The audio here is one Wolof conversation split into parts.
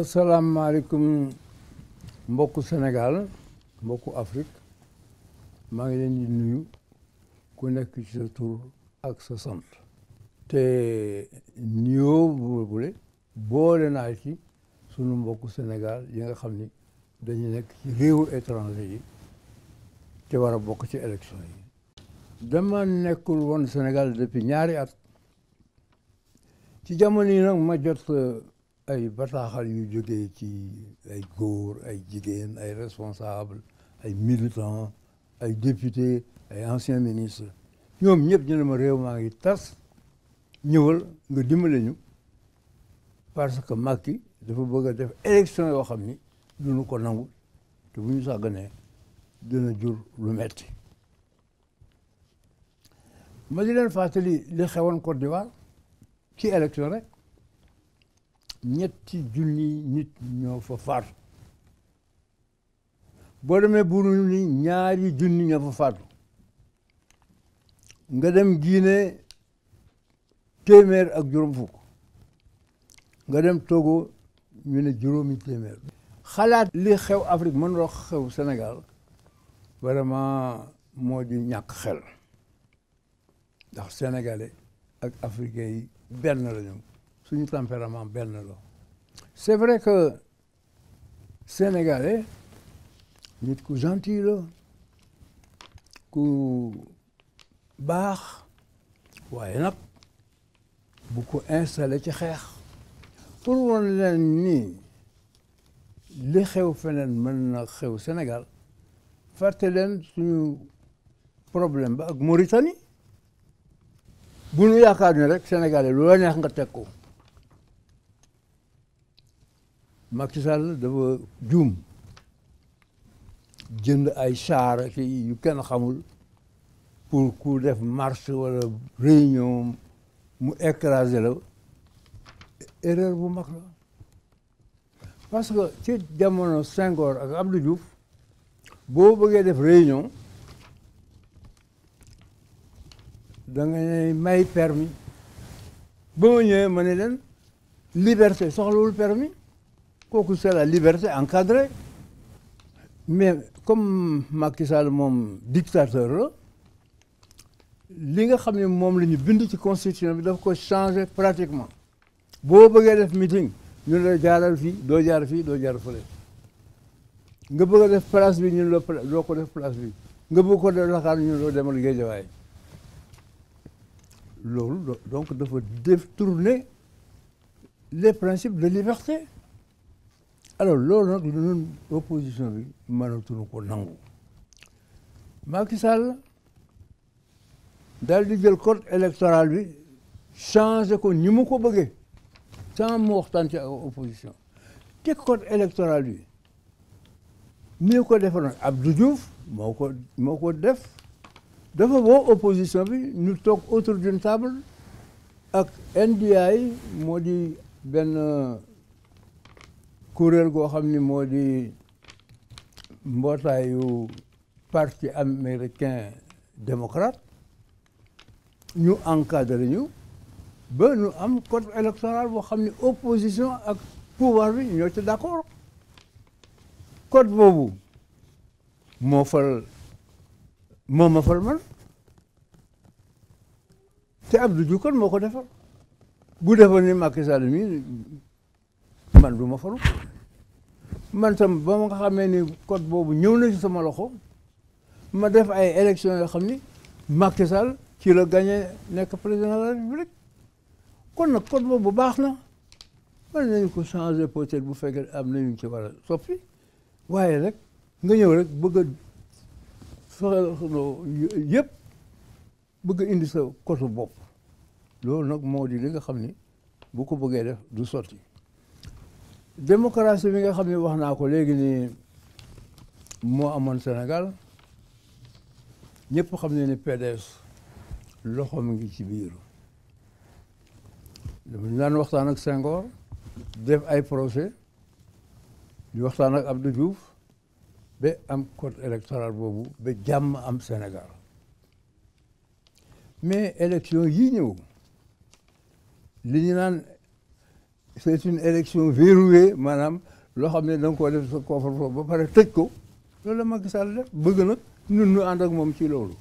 asalaamaaleykum mbokku Sénégal mbokku Afrique maa ngi leen di nuyu ku nekk ci sa tur ak sa sant te nuyoo boobule boole naa ci sunu mbokku Sénégal yi nga xam ni dañu nekk ci réewu étranger yi te wara bokk ci élection yi dama nekkul woon Sénégal depuis ñaari at ci jamono yi nag ma jot ay bataaxal yu jógee ci ay góor ay jigéen ay responsable ay militants ay députés ay anciens ministres ñoom ñëpp ñu ma réew maa ngi tas ñëwal nga dimbale ñu parce que Macky dafa bëgg a def élection yoo xam ni duñu ko nangu te bu ñu sàgganee dina jur lu metti ma di leen fàttali li xewoon Côte d'Ivoire ci élection rek ñetti junni nit ñoo fa faatu boo demee buru ni ñaari junni ñoo fa faatu nga dem Guinée téeméer ak juróom fukk nga dem Togo ñu ne juróomi téeméer xalaat li xew Afrique mën loo xew Sénégal vraiment moo di ñàkk xel ndax sénégalais ak africain yi benn la suñu tempérament benn la c'est vrai que sénégalais nit ku gentil la ku baax waaye nag bu installé ci xeex pour woon leen ni li xew feneen mën na xew Sénégal fàtte leen suñu problème ba ak Mauritanie bu ñu e yaakaar ne rek sénégalais lu la neex nga teg ko Macky de dafa juum jënd ay saar ak yu kenn xamul pour ku def marche wala réunion mu écraser la erreur bu mag la parce que ci jamono Senghor ak Abdou boo bëggee def réunion da ngay may permis ba ma ñëwee ma ne leen liberté soxlawul permis kooku c'est la liberté encadrée mais comme Macky Sall moom dictateur la li nga xam ne moom la ñu bind ci constitution bi daf ko changer pratiquement boo bëggee def meeting ñu la jaaral fii doo jaar fii doo jaar fële nga bëgg a def place bi ñun la doo ko def place bi nga bëgg ko def Dakar ñun doo demal Géejawaay loolu donc dafa détourner les principes de liberté alors loolu nag ñun opposition bi mënatuñu ko nangu Macky Sall daal di jël code électoral bi changé ko ni mu ko bëggee sans mu waxtaan ci opposition te code électoral bi mi ko def Abdou ab moo ko moo ko def dafa woo opposition bi ñu toog autor d'une table ak NDI moo di benn kuréel goo xam ni moo di mbootaayu parti américain démocrate ñu encadré ñu ba ñu am code électoral boo xam ne opposition ak pouvoir bi ñoo ci d'accord code boobu moo fal moo ma fal man te Abdou Diouf kon moo ko defar bu defar ni Macky Sall mi man du ma falu man tam ba ma nga xamee ni code boobu ñëw na si sama loxo ma def ay élection yoo xam ni Macky ci la gagné nekk président de la République kon nag code bu baax na mën nañu ko changer peut bu fekkee am nañu ci war a soppi waaye rek nga ñëw rek bëgg a soxaloo yëpp bëgg a indi sa code bopp loolu nag moo di li nga xam ni bu ko bëggee def du sotti démocratie bi nga xam ne wax naa ko léegi nii moo amoon Sénégal ñëpp xam ne ni PDS loxo mi ngi ci biir dañu daan waxtaan ak sengoor def ay projet di waxtaan ak Abdou juuf ba am code électoral boobu ba jàmm am Sénégal mais élection yi ñëw li ñu naan c'est une élection verrouillée maanaam loo xam ne da nga def sa coffre-fort ba pare tëj ko loolu la Macky Sall def bëgg na ñun ñu ànd ak moom ci loolu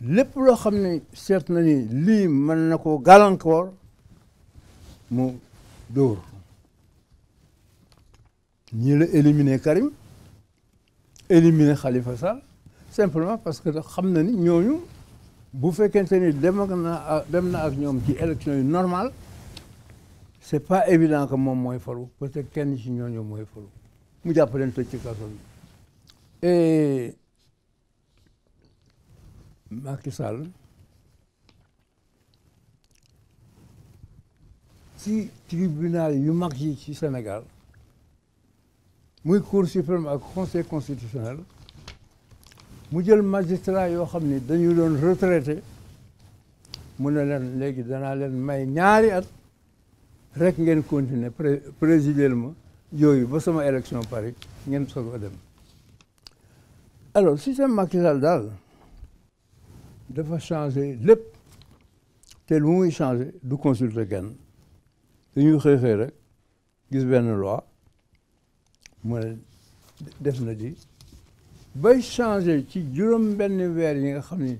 lépp loo xam ne seet na ni lii mën na koo gàllankoor mu dóor ñii la éliminer Karim éliminer Khalifa Sall simplement parce que xam na ni ñooñu bu fekkente ni dem na dem na ak ñoom ci élection yu normal c'est pas évident que moom mooy falu parce que kenn ci ñooñu mooy falu mu jàpp leen tëj ci kaso bi et Macky Sall ci tribunal yu mag yi ci Sénégal muy cour suprême ak conseil constitutionnel mu jël magistrat yoo xam ni dañu doon retraité mu na leen léegi danaa leen may ñaari at rek ngeen continuer présider ma yooyu ba sama élection Paris ngeen soog a dem alors système Macky Sall daal dafa changer lépp te lu muy changer du consulter kenn dañuy xëy xëy rek gis benn loi mu def na di bay changer ci juróom benn weer yi nga xam ni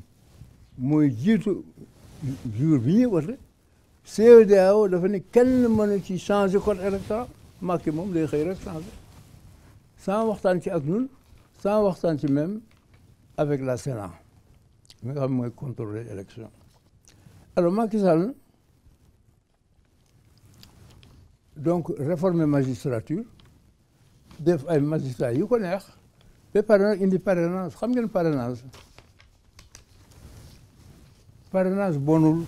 mooy jiitu jour bi ñuy wote CEDEAO dafa ne kenn mënu ci changer code électoral Macky moom day xëy rek changer sans waxtaan ci ak ñun sans waxtaan ci même avec la Sénat mi nga xam mooy contrôler alo alors Macky Sall donc réformer magistrature def ay magistrats yu ko neex ba pare indi parrainage xam ngeen parrainage parrainage bonul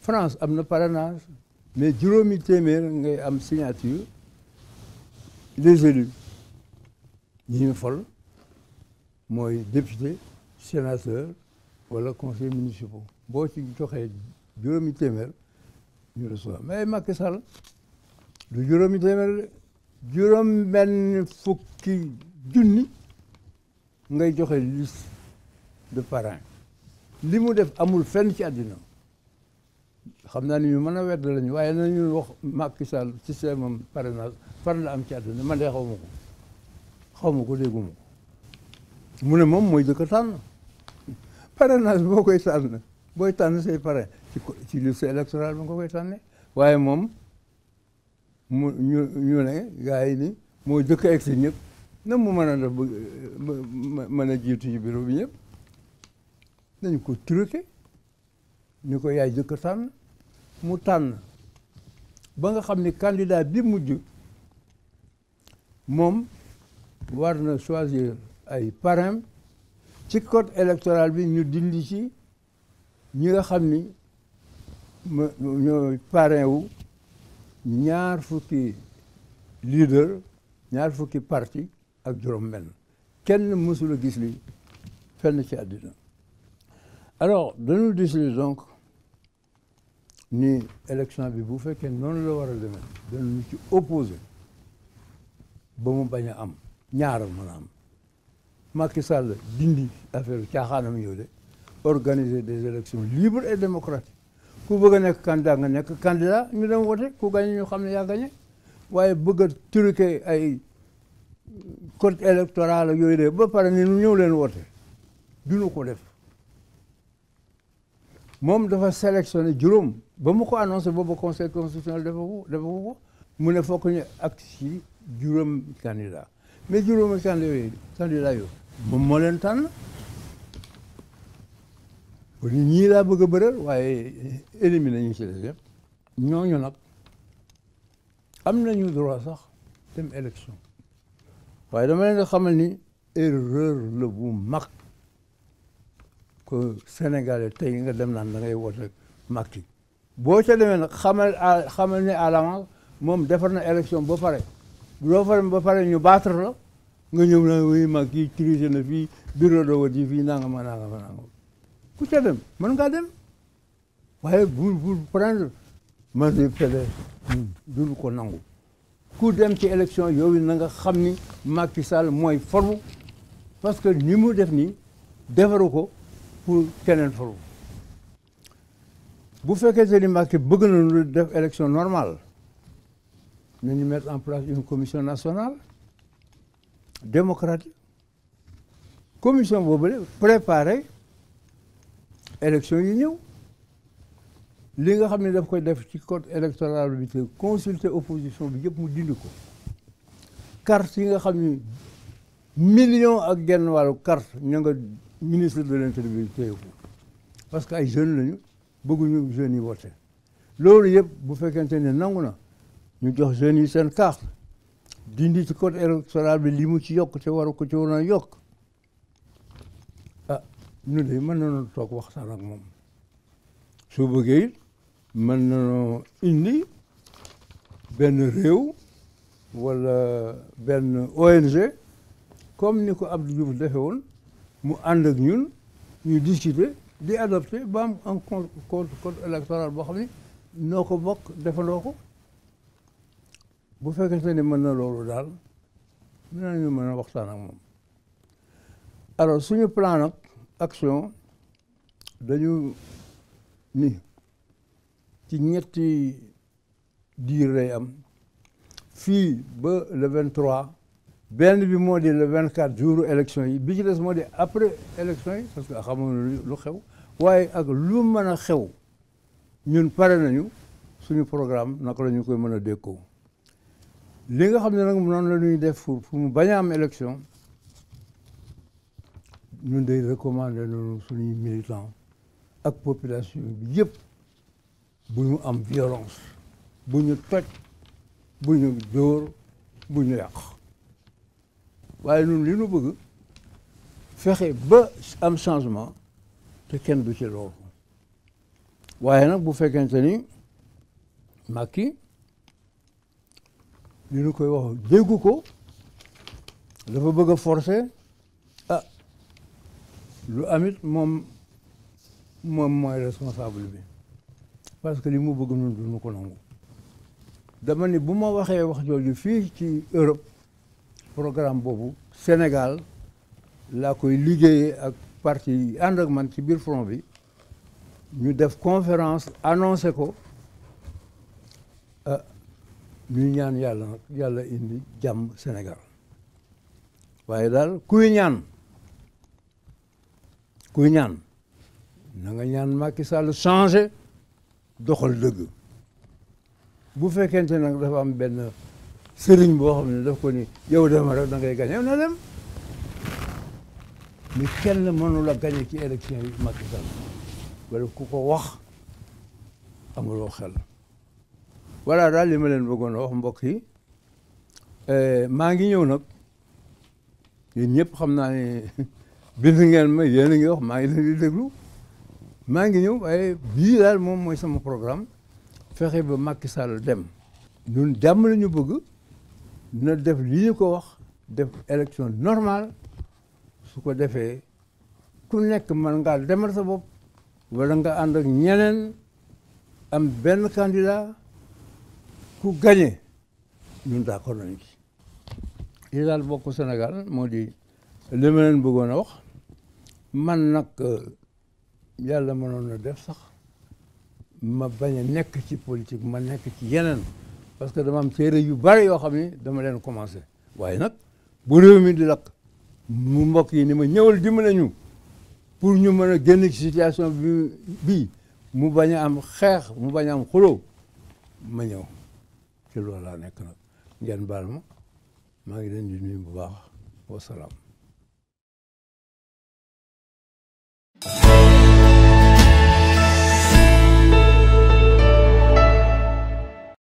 France am na parrainage mais juróomi téeméer ngay am signature des élus ñi fol mooy député sénateur wala conseil municipal boo ci joxee juróomi téeméer ñu reçoit mais Macky Sall du juróomi téeméer juróom benn fukki junni ngay joxe liste de parrain li mu def amul fenn ci àddina xam naa ni ñu mën a ñu lañu waaye ñu wax Macky ci système am parrainage far la am ci àdduna man de xaw ma ko xaw ma ko dégguma ko mu ne moom mooy jëkk a tànn parrainage boo koy tànn booy tànn say parrain ci ci liste électorale ba nga koy tànne waaye moom mu ñu ñu ne gars ni moo jëkk a egg si ñëpp na mu mën a def ba mën a jiitu ci bureau bi ñëpp nañu ko truqué ñu ko yaay jëkk a mu tànn ba nga xam ni candidat bi mujj moom war na choisir ay parrain ci code électoral bi ñu dindi ci ñi nga xam ni ñooy parrain ñaar fukki leader ñaar fukki parti ak juróom-benn kenn mësula gis li fenn ci àddina alors dañu gis li donc ni élection bi bu fekkee noonu la war a demee danañu ci opposé ba mu bañ a am ñaaral mën a am Macky Sall dindi affaire caaxaanam yow de organiser des élections libres et démocratiques ku bëgg a nekk candidat nga nekk candidat ñu dem wote ku gagné ñu xam ne yaa gagné waaye bëgg a truqué ay code électoral yooyu de ba pare ni ñëw leen wote duñu ko def moom dafa sélectionné juróom ba mu ko annoncé boobu conseil constitutionnel dafa dafa ko mu ne fokk ñu ak si juróom candidat mais juróomi candidat yooyu candidat yooyu moom moo leen tànn kon ñii laa bëgg a bëral waaye éliminé ñu si des yëpp ñooñu nag am nañu droit sax dem élection waaye dama leen nga xamal ni erreur la bu mag que sénégalais tey nga dem naan da ngay woote Macky boo ca demee nag xamal xamal ne à l'avance moom defar na élection ba pare loo fa ba pare ñu battre la nga ñëw na wuy Macky triché na fii bureau de vote yi fii nangama nangama nangama ku ca dem mën nga dem waaye bul bul prendre mesure fële duñu ko nangu ku dem ci élection yooyu na nga xam ni Macky sal mooy formu parce que ni mu def ni defaru ko pour keneen falu bu fekkee ni Macky bëgg na lu def élection normale nañu mettre en place une commission nationale démocratique commission boobule préparer élection yi ñëw li nga xam ne daf koy def ci code électoral bi te consulter opposition bi yëpp mu dindi ko carte yi nga xam ne million ak genn wàllu carte ña ministre de l'intérieur bi téye parce que ay jeunes lañu bëgguñu jeunes yi voté loolu yëpp bu fekkente ne nangu na ñu jox jeunes yi seen carte dindi ci code électoral bi li mu ci yokk te waru ko ci waroon a yokk ah ñu de mën nañoo toog waxtaan moom soo bëggee it mën nañoo indi benn réew wala benn ONG comme ni ko Abdou Diouf defe woon mu ànd ak ñun ñu discuter di adopté ba am un compte code électoral boo xam ne noo ko bokk defandoo ko bu fekkente ne mën na loolu daal mën nañu mën a waxtaan ak moom alors suñu plan nag action dañu ni ci ñetti diir lay am fii ba le 23 benn bi moo di le vingt quatre jours élection yi bi ci des moo di après élection yi parce que xamoon lu xew waaye ak lu mën a xew ñun pare nañu suñu programme naka la ñu koy mën a dékkoo li nga xam ne nag noonu la ñuy def fu mu bañ a am élection ñun de recommander noonu suñuy militan ak population bi yëpp bu ñu am violence bu ñu toj bu ñu dóor bu ñu yàq waaye ñun li ñu bëgg fexe ba am changement te kenn du ci loolu waaye nag bu fekkente ni Macky li ñu koy wax déggu ko dafa bëgg a forcer ah lu amit moom moom mooy responsable bi parce que li mu bëgg ñun duñu ko nangu dama ni bu ma waxee wax jooju fii ci Europe programme boobu Sénégal laa koy liggéeyee ak parti yi ànd ak man ci biir front bi ñu def conférence annoncé ko ah ñuy ñaan yàlla nag yàlla indi jàmm Sénégal waaye daal kuy ñaan kuy ñaan na nga ñaan Macky Sall changé doxal dëgg bu fekkente nag dafa am benn sëriñ boo xam ne daf ko ni yow dama rek da ngay gañe na dem mi kenn mënu la gañe ci élection yi Macky wala ku ko wax amuloo xel voilà daal li ma leen bëggoon wax mbokk yi eh, maa ngi ñëw nag yéen ñëpp xam naa ne bind ngeen ma yéen a ngi wax maa ngi leen maa ngi ñëw waaye bii daal moom mooy sama programme fexe ba Macky Sall dem ñun jàmm la bëgg na def li ko wax def élection normal su ko defee ku nekk man ngaa demal sa bopp wala nga ànd ak ñeneen am benn candidat ku gagné ñun d'accord nañu ci li daal bokk senegal moo di li ma a wax man nag euh, yàlla mënoon na def sax ma bañ a nekk ci politique ma nekk ci yeneen parce que dama am téere yu bari yoo xam dama leen commencé waaye nag bu mi di lakk mu mbokk yi ni ma ñëwal dimbali ñu pour ñu mën a génn ci bi mu bañ a am xeex mu bañ a am xuloo ma ñëw ci loolu laa nekk nag ngeen maa ngi leen di nuyu bu baax wasalaam